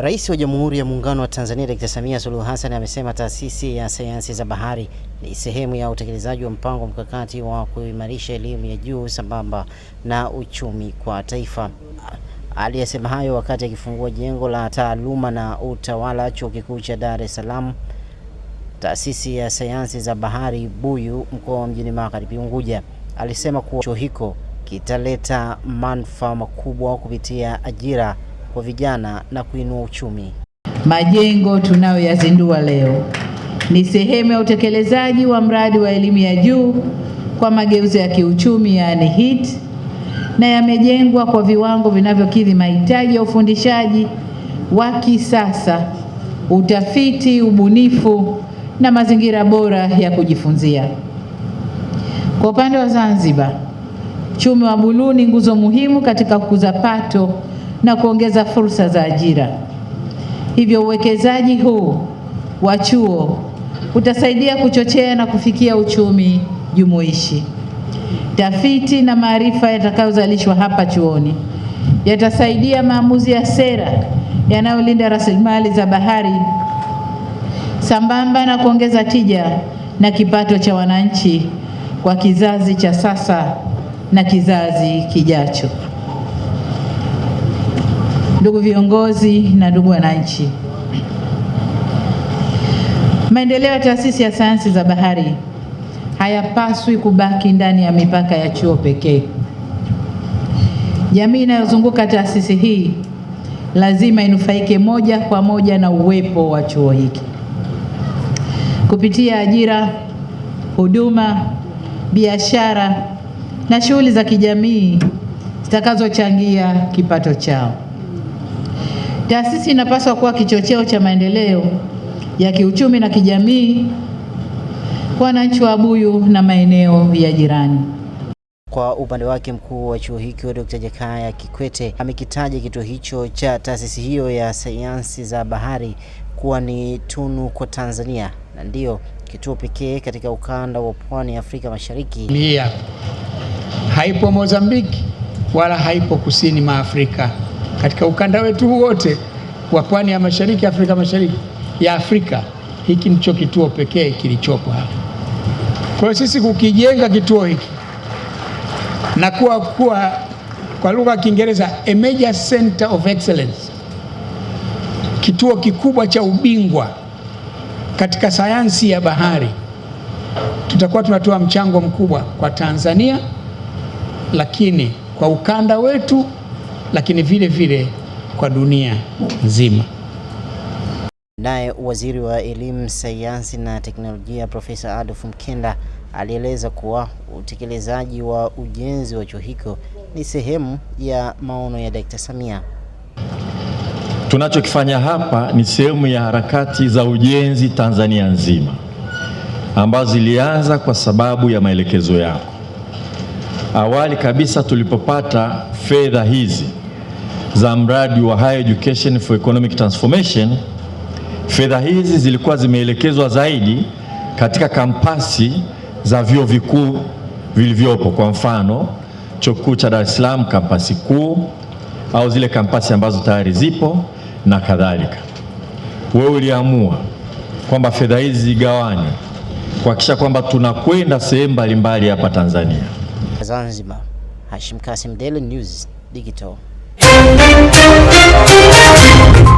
Rais wa Jamhuri ya Muungano wa Tanzania Dr. Samia Suluhu Hassan amesema Taasisi ya Sayansi za Bahari ni sehemu ya utekelezaji wa mpango mkakati wa kuimarisha elimu ya juu sambamba na uchumi kwa taifa. Aliyesema hayo wakati akifungua jengo la taaluma na utawala Chuo Kikuu cha Dar es Salaam, Taasisi ya Sayansi za Bahari Buyu, mkoa wa Mjini Magharibi Unguja. Alisema kuwa chuo hicho kitaleta manufaa makubwa kupitia ajira kwa vijana na kuinua uchumi. Majengo tunayoyazindua leo ni sehemu ya utekelezaji wa mradi wa elimu ya juu kwa mageuzi ya kiuchumi yaani hit na yamejengwa kwa viwango vinavyokidhi mahitaji ya ufundishaji wa kisasa, utafiti, ubunifu na mazingira bora ya kujifunzia. Kwa upande wa Zanzibar, uchumi wa buluu ni nguzo muhimu katika kukuza pato na kuongeza fursa za ajira. Hivyo uwekezaji huu wa chuo utasaidia kuchochea na kufikia uchumi jumuishi. Tafiti na maarifa yatakayozalishwa hapa chuoni yatasaidia maamuzi ya sera yanayolinda rasilimali za bahari sambamba na kuongeza tija na kipato cha wananchi kwa kizazi cha sasa na kizazi kijacho ndugu viongozi na ndugu wananchi, maendeleo ya taasisi ya sayansi za bahari hayapaswi kubaki ndani ya mipaka ya chuo pekee. Jamii inayozunguka taasisi hii lazima inufaike moja kwa moja na uwepo wa chuo hiki kupitia ajira, huduma, biashara na shughuli za kijamii zitakazochangia kipato chao. Taasisi inapaswa kuwa kichocheo cha maendeleo ya kiuchumi na kijamii kwa wananchi wa Buyu na maeneo ya jirani. Kwa upande wake mkuu wa chuo hicho Dr. Jakaya Kikwete amekitaja kituo hicho cha taasisi hiyo ya sayansi za bahari kuwa ni tunu kwa Tanzania na ndiyo kituo pekee katika ukanda wa pwani ya Afrika Mashariki. Haipo Mozambiki wala haipo kusini mwa Afrika katika ukanda wetu wote wa pwani ya mashariki Afrika mashariki ya Afrika, hiki ndicho kituo pekee kilichopo hapa. Kwa hiyo sisi kukijenga kituo hiki na kuwa kuwa kwa lugha ya Kiingereza a major center of excellence, kituo kikubwa cha ubingwa katika sayansi ya bahari, tutakuwa tunatoa mchango mkubwa kwa Tanzania, lakini kwa ukanda wetu lakini vile vile kwa dunia nzima. Naye waziri wa elimu, sayansi na teknolojia Profesa Adolf Mkenda alieleza kuwa utekelezaji wa ujenzi wa chuo hicho ni sehemu ya maono ya Dkt. Samia. Tunachokifanya hapa ni sehemu ya harakati za ujenzi Tanzania nzima ambazo zilianza kwa sababu ya maelekezo yako Awali kabisa tulipopata fedha hizi za mradi wa Higher Education for Economic Transformation, fedha hizi zilikuwa zimeelekezwa zaidi katika kampasi za vyuo vikuu vilivyopo, kwa mfano chuo kikuu cha Dar es Salaam kampasi kuu, au zile kampasi ambazo tayari zipo na kadhalika. Wewe uliamua kwamba fedha hizi zigawanywe kuhakikisha kwamba tunakwenda sehemu mbalimbali hapa Tanzania. Zanzibar, Hashim Kasim, Daily News Digital.